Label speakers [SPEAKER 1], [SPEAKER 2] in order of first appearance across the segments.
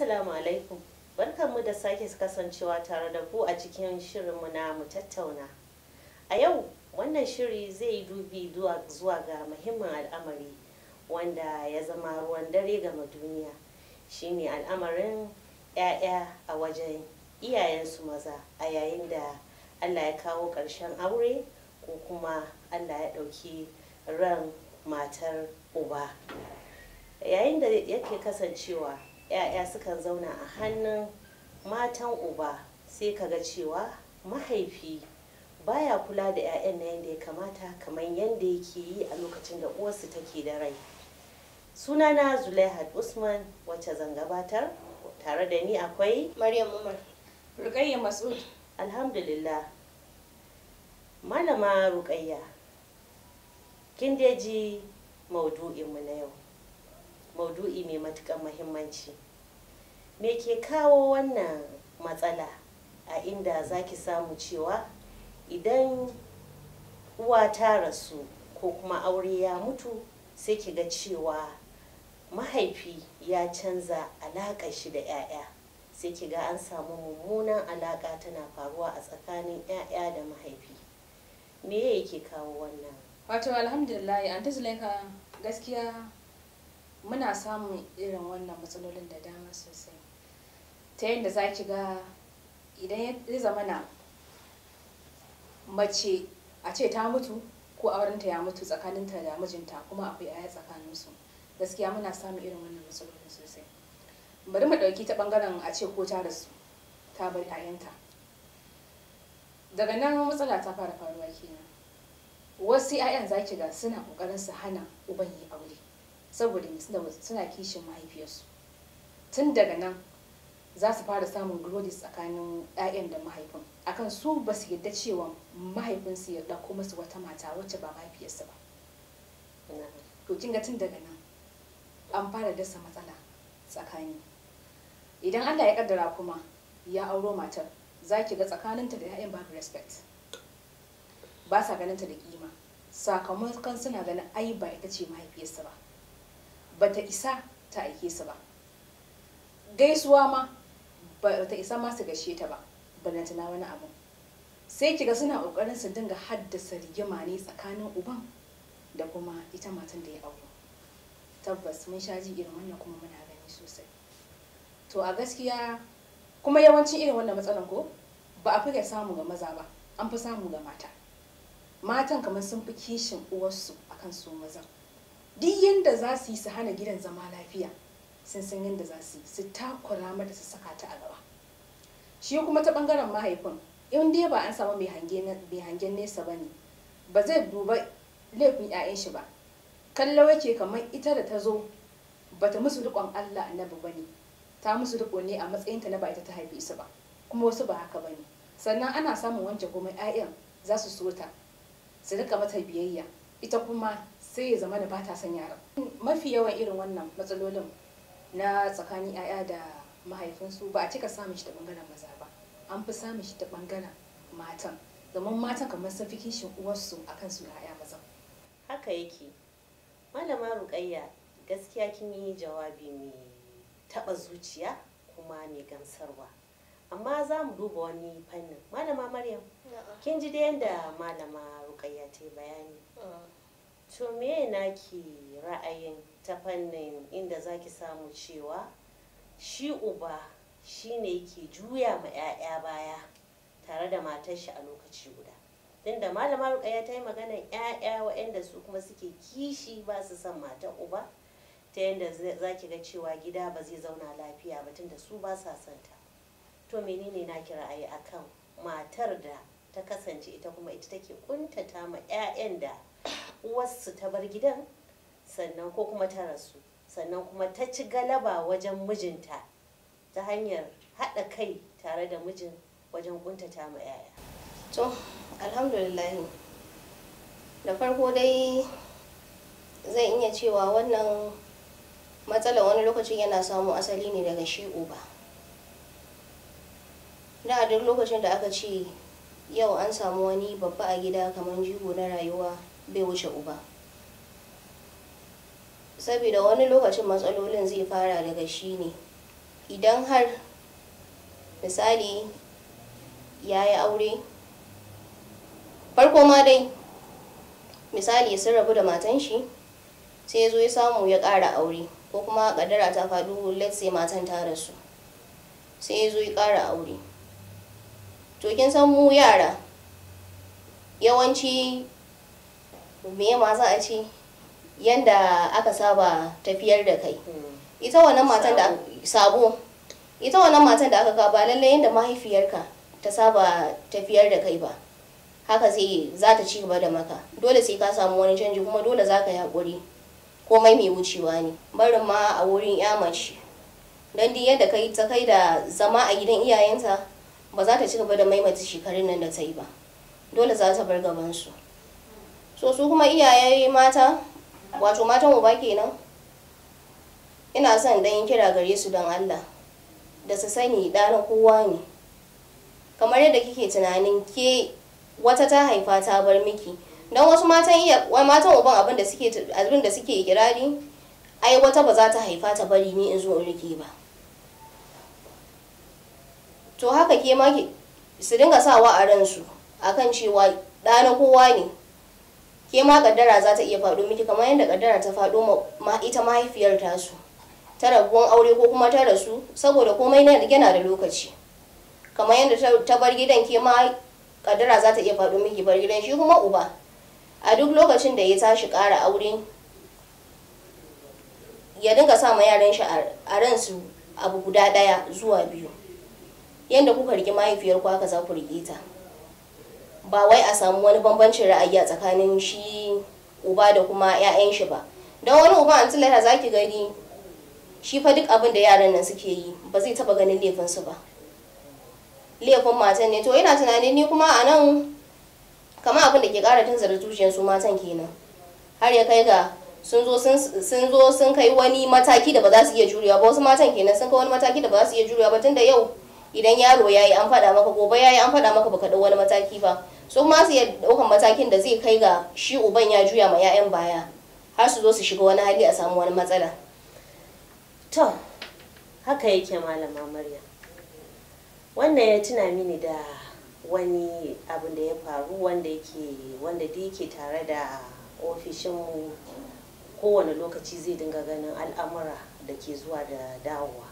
[SPEAKER 1] Assalamu alaikum. Barkanmu da sake kasancewa tare da ku a cikin shirinmu na mu tattauna. A yau wannan shiri zai yi dubi zuwa ga muhimmin al'amari wanda ya zama ruwan dare ga duniya shine al'amarin 'ya'ya a wajen iyayensu maza a yayin da Allah ya kawo ƙarshen aure ko kuma Allah ya ɗauki ran matar uba. Yayin da yake kasancewa 'ya'ya sukan zauna a hannun matan uba sai ka ga cewa mahaifi baya kula da 'ya'yan na yadda ya kamata kamar yadda yake yi a lokacin da uwarsu take da rai sunana zulaihat usman wacce zan gabatar tare da ni akwai maryam umar rukayya masud alhamdulillah malama rukayya kin ji maudu'inmu na yau maudu'i mai matukar mahimmanci me ke kawo wannan matsala a inda za ki samu cewa idan uwa ta rasu ko kuma aure ya mutu sai ki ga cewa mahaifi ya canza alaƙa shi da 'ya'ya sai ki ga an samu mummunan alaƙa tana faruwa a tsakanin 'ya'ya da mahaifi me yake kawo wannan
[SPEAKER 2] wato alhamdulillah an gaskiya muna samun irin wannan matsalolin da dama sosai ta yadda za ki ga idan ya zama na mace a ce ta mutu ko aurenta ya mutu tsakaninta da mijinta kuma akwai aya tsakaninsu gaskiya muna samun irin wannan matsalolin sosai bari mu ɗauki ta ɓangaren a ce ko ta rasu ta bar 'ya'yanta daga nan matsala ta fara faruwa kenan wasu 'ya'yan za ki ga suna ƙoƙarin su hana uban yi aure saboda suna kishin mahaifiyarsu tun daga nan za su fara samun gurodi tsakanin 'ya'yan da mahaifin akan su ba su yadda cewa mahaifinsu ya ɗauko masu wata mata wacce ba mahaifiyarsa ba to kin tun daga nan an fara dasa matsala tsakani idan Allah ya kaddara kuma ya auro matar za ki ga tsakaninta da 'ya'yan babu respect ba sa ganinta da kima sakamakon suna ganin ai ba ita ce mahaifiyarsa ba bata isa ta aike su ba gaisuwa ma ta isa ma su gashe ta ba balantana wani abu sai kiga suna kokarin su dinga haddasa rigima ne tsakanin uban da kuma ita matan da ya aure tabbas mun sha ji irin wannan kuma muna gani sosai to a gaskiya kuma yawancin irin wannan matsalan ko ba a fi samu ga maza ba an fi samu ga mata matan kamar sun fi kishin uwarsu akan su mazan duk yanda za su yi su hana gidan zama lafiya sun san yadda za su yi su takura mata su saka ta a gaba shi kuma ta bangaren mahaifin in dai ba an samu mai hangen nesa ba ne ba zai duba laifin 'ya'yan shi ba kallo yake kamar ita da ta zo ba ta musu rikon Allah annabi ba ne ta musu riko ne a matsayinta na ba ita ta haifi su ba kuma wasu ba haka ba ne sannan ana samun wancan kuma 'ya'yan za su so ta su rika mata biyayya ita kuma sai ya zama da ba ta son yara mafi yawan irin wannan matsalolin na tsakanin 'ya'ya da mahaifinsu ba a cika samun shi ta bangaren maza ba an fi samun shi ta bangaren matan zaman matan kamar sun fi kishin uwarsu akan su 'ya'ya maza
[SPEAKER 1] haka yake malama rukayya gaskiya kin yi jawabi mai taba zuciya kuma mai gamsarwa amma za mu duba wani fannin malama maryam kin ji da yadda malama rukayya ta yi bayani mm. to me ki ra'ayin ta fannin inda zaki samu cewa shi uba shine yake juya ma 'ya'ya baya tare da matar shi a lokaci guda tunda da malama rukaya ta yi maganar 'ya'ya waɗanda su kuma suke kishi ba su son matar uba ta yadda za ki ga cewa gida ba zai zauna lafiya ba tunda su ba sa son ta to menene na ki ra'ayi akan matar da ta kasance ita kuma ita take kuntata ma 'ya'yan da uwarsu ta bar gidan sannan ko kuma ta rasu sannan kuma ta ci galaba wajen mijinta ta hanyar haɗa kai tare da mijin wajen kuntata ma 'ya'ya. to alhamdulillah da farko dai
[SPEAKER 3] zai iya cewa wannan matsalar wani lokacin yana samun asali ne daga shi uba da a duk lokacin da aka ce yau an samu wani babba a gida kamar jigo na rayuwa bai wuce uba saboda wani lokacin matsalolin zai fara daga shi ne idan har misali ya yi aure farko ma dai misali sun rabu da matan shi sai ya zo ya samu ya ƙara aure ko kuma ƙadara ta faɗo let's say matan ta rasu sai ya zo ya ƙara aure to kin san mu yara yawanci me ma za a ce yanda aka saba tafiyar da kai ita wannan matan da sabo ita wannan matan da aka ka ba lalle yanda mahaifiyarka ta saba tafiyar da kai ba haka sai za ta ci gaba da maka dole sai ka samu wani canji kuma dole za ka yi haƙuri komai mai wucewa ne barin ma a wurin ya mace don duk yadda kai ta kai da zama a gidan iyayenta ba za ta ci gaba da maimaita shekarun nan da ta yi ba dole za ta bar gaban su. so su kuma iyaye mata wato matan uba kenan ina son dan kira gare su don allah da su sani ɗana kowa ne kamar yadda kike tunanin ke wata ta haifa ta bar miki don wasu matan iya matan uban abin da suke abin da suke kirari ai wata ba za ta haifa ta bari ni in zo in rike ba to haka ke ma su dinga sawa a ransu akan cewa ɗana kowa ne ke ma kaddara za ta iya faɗo miki kamar yadda kaddara ta faɗo ma ita mahaifiyar su ta rabuwan aure ko kuma ta rasu saboda komai na yana da lokaci kamar yadda ta bar gidan ke ma kaddara za ta iya faɗo miki bar gidan shi kuma uba a duk lokacin da ya tashi ƙara aure ya dinga sa ma yaran shi a ransu abu guda ɗaya zuwa biyu yadda kuka riƙe mahaifiyar ku haka za ku rike ta ba wai a samu wani bambancin ra'ayi a tsakanin shi uba da kuma 'ya'yan shi ba don wani uba tilata za ki gani shi fa duk abin da yaran nan suke yi ba zai taba ganin laifin su ba laifin matan ne to ina tunanin ni kuma a nan kamar abin da ke kara tunzara zuciyar su matan kenan har ya kai ga sun zo sun zo sun kai wani mataki da ba za su iya jurewa ba wasu matan kenan sun kai wani mataki da ba za su iya jurewa ba tunda yau idan yaro ya yi an faɗa maka gobe ya yi an faɗa maka baka ɗau wani mataki ba su ma su ɗaukan matakin da zai kai ga shi uban ya juya ma 'ya'yan baya har su zo
[SPEAKER 1] su shiga wani hali a samu wani matsala to haka yake malama murya wannan ya tuna mini da wani abin da ya faru wanda yake wanda da yake tare da ofishinmu kowane lokaci zai dinga ganin al'amura da ke zuwa da dawowa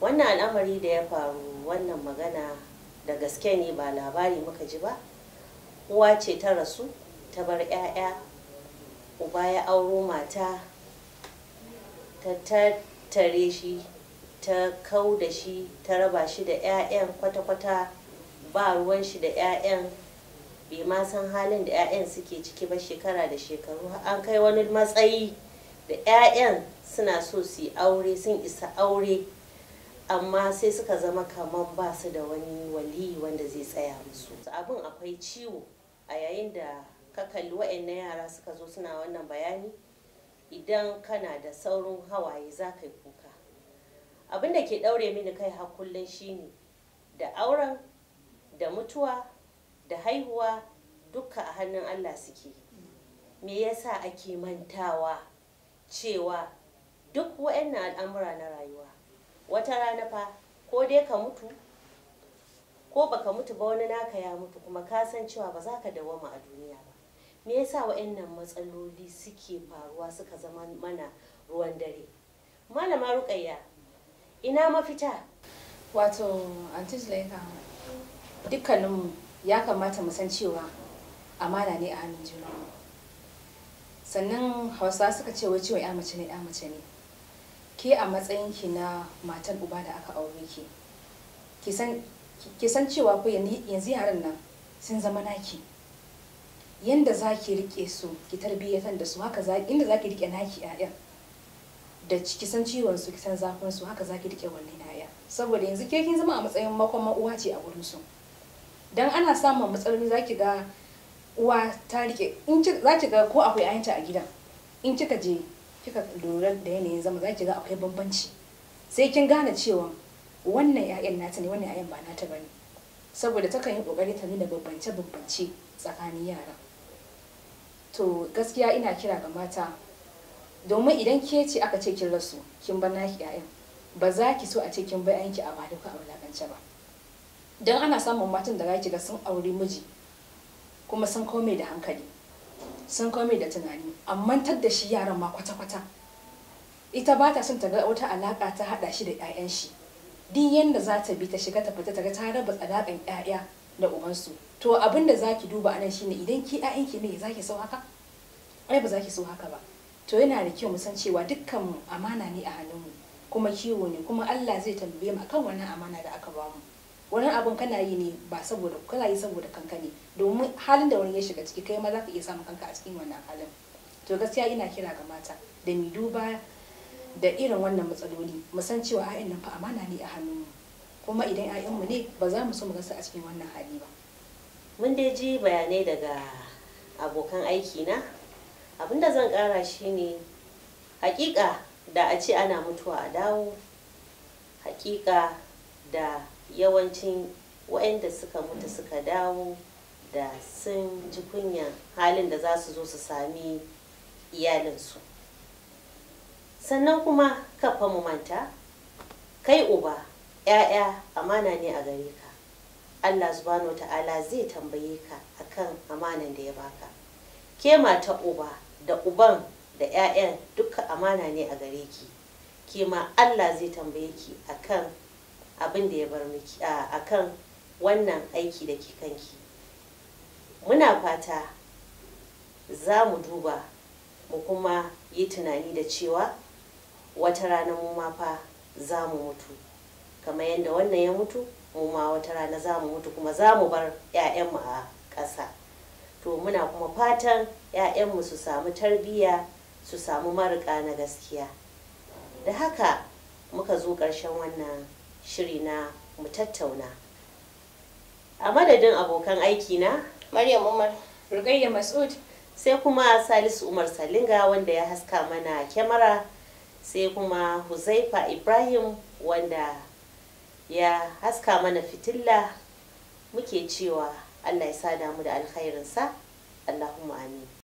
[SPEAKER 1] wannan al'amari da ya faru wannan magana da gaske ne ba labari muka ji ba uwa ce ta rasu ta bar 'ya'ya uba ya auro mata ta tattare shi ta kau da shi ta raba shi da 'ya'yan kwata-kwata ba ruwan shi da 'ya'yan bai ma san halin da 'ya'yan suke ciki ba shekara da shekaru an kai wani matsayi da 'ya'yan suna so su yi aure sun isa aure amma sai suka zama kamar ba su da wani wali wanda zai tsaya musu abin akwai ciwo a yayin da ka kalli wa'annan yara suka zo suna wannan bayani idan kana da saurin hawaye za ka yi kuka abin da ke ɗaure mini kai har shine da auren da mutuwa da haihuwa dukka a hannun allah suke me yasa ake mantawa cewa duk wa'annan al'amura na rayuwa wata rana fa ko dai ka mutu ko baka mutu ba wani naka ya mutu kuma ka san cewa ba za ka dawama a duniya ba me yasa wa'annan matsaloli suke faruwa suka zama mana ruwan dare malama rukayya
[SPEAKER 2] ina mafita wato anti zulaika dukkaninmu ya kamata mu san cewa amana ne a hannun juna sannan hausa suka ce wai cewa ya mace ne ya mace ne ke a matsayinki na matan uba da aka aure ki ki san ki san cewa ko yanzu yaran nan sun zama naki yanda za ki rike su ki tarbiyyatar da su haka za inda za ki rike naki 'ya'ya? da ki san ciwon su ki san zafin su haka za ki rike wannan 'ya'ya saboda yanzu ke kin zama a matsayin makon uwa ce a gurin su dan ana samun matsaloli za ki ga uwa ta rike in za ki ga ko akwai ayanta a gidan in kika je kika lura da yanayin zama za ki ga akwai bambanci sai kin gane cewa wannan 'ya'yan nata ne wannan 'ya'yan ba nata bane saboda ta kan yi kokari ta nuna bambance bambance tsakanin yara to gaskiya ina kira ga mata domin idan ke ce aka ce kin rasu kin bar naki 'ya'yan ba za ki so a ce kin bar 'yanki a baduka a wulakance ba don ana samun matan da za ki ga sun auri miji kuma sun kome da hankali sun kome da tunani amma tar da shi yaran ma kwata-kwata ita ba ta son ta ga wata alaka ta hada shi da 'ya'yan shi duk yanda za ta bi ta shiga ta fita ta ga ta raba tsadakan ƴaƴa da ubansu to abin da za ki duba anan shine idan ki ki ne ki so haka ai ba zaki so haka ba to yana da kyau mu san cewa dukkan amana ne a hannun mu kuma kiwo ne kuma Allah zai tambaye mu akan wannan amana da aka bamu wani abun kana yi ne ba saboda kana yi saboda kanka ne domin halin da wani ya shiga ciki kai ma za ka iya samun kanka a cikin wannan halin to gaskiya ina kira ga mata da mi duba da irin wannan matsaloli mu san cewa ƴaƴan nan fa amana ne a hannunmu kuma idan mu ne ba za mu so mu gasa a cikin wannan hali ba mun dai
[SPEAKER 1] ji bayanai daga abokan aiki na abinda zan kara shine hakika da a ce ana mutuwa a dawo hakika da yawancin waɗanda suka mutu suka dawo da sun ji kunyan halin da za su zo su sami iyalinsu sannan kuma kafa mu manta kai uba ‘ya'ya amana ne a gare ka Allah subhanahu ta'ala zai tambaye ka akan amanan da ya baka ke mata uba da uban da ‘ya'yan duka amana ne a gare ki ke ma Allah zai tambaye ki akan abin da ya bar miki akan wannan aiki da ke kanki muna fata za mu duba mu kuma yi tunani da cewa wata rana mu ma fa za mu mutu kamar yadda wannan ya mutu mu ma wata rana za mu mutu kuma za mu bar 'ya'yanmu a ƙasa to muna kuma fatan 'ya'yanmu su samu tarbiyya su samu marika na gaskiya da haka muka zo ƙarshen wannan shiri na mu tattauna a madadin abokan aiki na maryam umar rugayya masud sai kuma salisu umar salinga wanda ya haska mana kyamara sai kuma huzaifa ibrahim wanda ya haska mana fitilla muke cewa allah ya sada mu da alkhairinsa allahumma amin